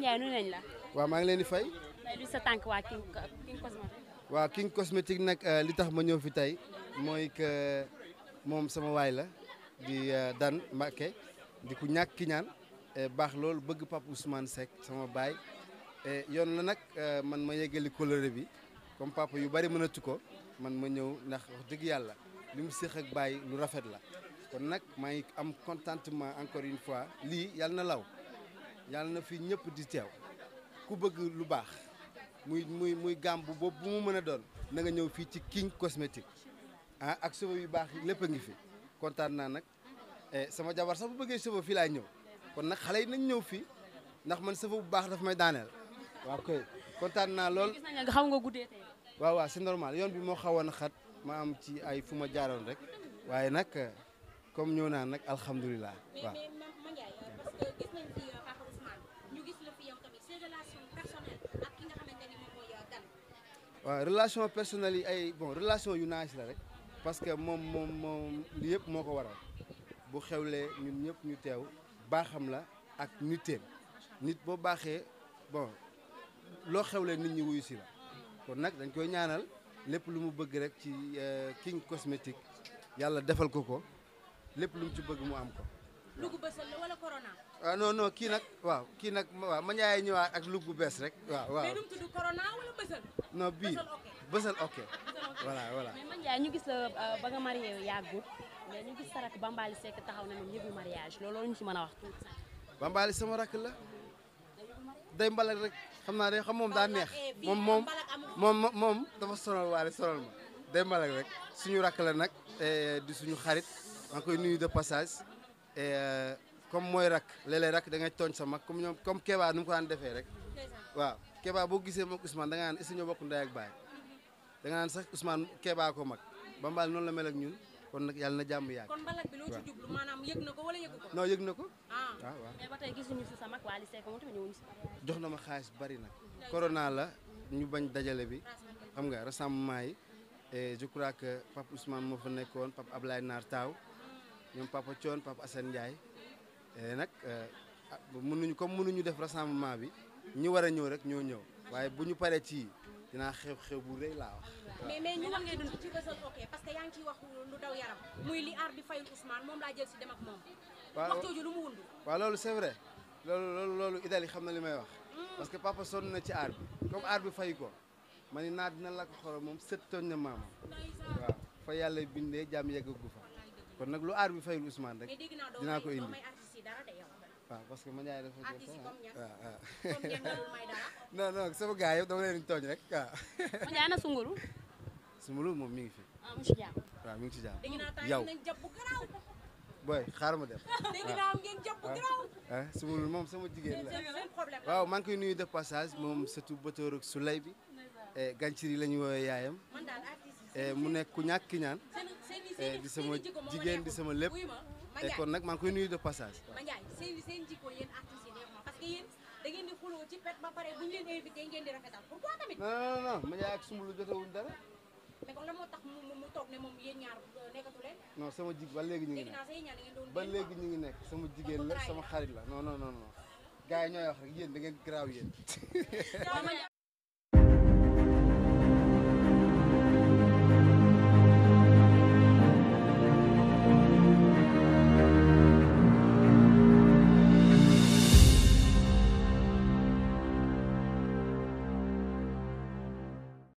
Ndiaye waaw maa ngi leen di fay. waa King Cosmétique. waaw King Cosmétique nag euh, li tax ma ñëw fi tey mooy que moom sama waay la di euh, Dan Mbacké di ku ñàkk ki ñaan baax loolu bëgg Pape Ousmane Seck sama baay yoon la nag euh, man ma yeggali coloré bi comme papa yu bari mënatu ko man ma ñëw ndax wax dëgg yàlla li mu séq ak baay lu rafet la kon nag maa ngi am kontantement encore une fois lii yàlla na law. yàlla na fi ñëpp di teew ku bëgg lu baax muy muy muy gàmm bu boobu bu mu mën a doon na nga ñëw fii ci King Cosmétique ah ak cheveux yu baax yi lépp a ngi fi kontaan naa nag eh, sama jabar sax bu bëggee cheveux fii laay ñëw kon nag xale yi nañ ñëw fii ndax man cheveux bu baax dafa may daaneel waaw koy kontaan naa lool nga xaw nga guddee tey waaw waaw c'est normal yoon bi moo xawoon xat ma am ci ay fu ma jaaroon rek waaye nag comme ñëw naa nag alhamdulilah waaw waaw relation personnelle yi ay bon relation yu naaj la rek parce que moom moom moom li yëpp moo ko waral bu xewlee ñun ñëpp ñu teew baaxam la ak nitteem nit boo baaxee bon loo xewlee nit ñi wuyu si la kon nag dañ koy ñaanal lépp lu mu bëgg rek ci euh, King Cosmétique yàlla defal ko ko lépp lu mu ci bëgg mu am ko lugu bësal la ah, kii nag waaw kii nag ma ñaay ak lugu bees rek. waaw waaw mais nu mu tudd corona wala bësal. man la euh, a wax tuuti sax. sama rakk la. day mbalak rek xam naa day xam moom daa neex eh, moom moom dafa sonal waale sonal ma day mbalak rek suñu rakk la nag eh, di suñu xarit maa ngi koy nuyu de passage. Euh, comme mooy rak léeg-léeg rak da ngay tooñ sa mag comme ñoom comme Kéba nu mu ko daan defee rek waaw Kéba boo gisee moom Ousmane dangaan nga naan est-ce que ñoo bokk sax usman Kéba ko mag Bambal noonu la mel ak ñun kon nag yàlla jàmm yàgg. kon na ko wala na ah. Ah, jox na ma xaalis bari nag. corona la ñu bañ dajale bi xam nga rassemblement yi et je crois que Pape moo fa nekkoon Pape Ablaye Naar Taaw ñoom papa Thion papa Assane Ndiaye eh, nag eh, ah, mënuñu comme mënuñu def rassemblement bi ñu war a ñëw rek ñoo ñëw waaye bu ñu paree ci dinaa xew xew bu rëy laa wax. mais mais ñu muy li aar di fayul Ousmane moom laa jël si dem ak moom. waaw loolu c'est loolu loolu loolu Idali xam na li may wax. Hmm. parce que papa sonn na ci aar bi comme aar bi fay ko ma ni naa dina la xorom moom sëttoon na maamam waaw fa yàlla bindee jàmm yeggagu fa. kon nag lu aar bi fayul Ousmane rek dinaa ko indi waaw parce que ma Ndiaye dafa jot waaw non leen tooñ rek waaw. ma Ndiaye na sunguru. sunguru moom mi ngi fi. ah mu ngi ci jàmm. mi ngi ci jàmm yow. booy xaaral ma dem waaw ah, moom sama jigéen la waaw maa ngi koy nuyu de passage moom surtout Bator sulay bi. Eh, gàncir lañuy la yaayam. Eh, mu nekk ku ñàkk ñaan. Eh, di sama jigéen di sama lépp eh, kon nag maa ngi koy nuyu de passage. ma Ndiaye seen seen jikko yéen artistes parce que yéen di xuloo ci pet ba pare bu ñu leen invité ngeen di rafetal pourquoi ak Soumboulou jotewuñ euh, sama jig ba léegi ñu ngi nekk ba ñu ngi nekk sama jigéen la sama xarit la non non non yi rek yéen di ngeen garaaw yéen.